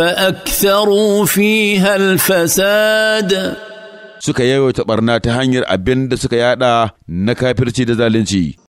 فأكثروا فيها الفساد suka yawaita barna ta hanyar abin da suka yada na kafirci da zalunci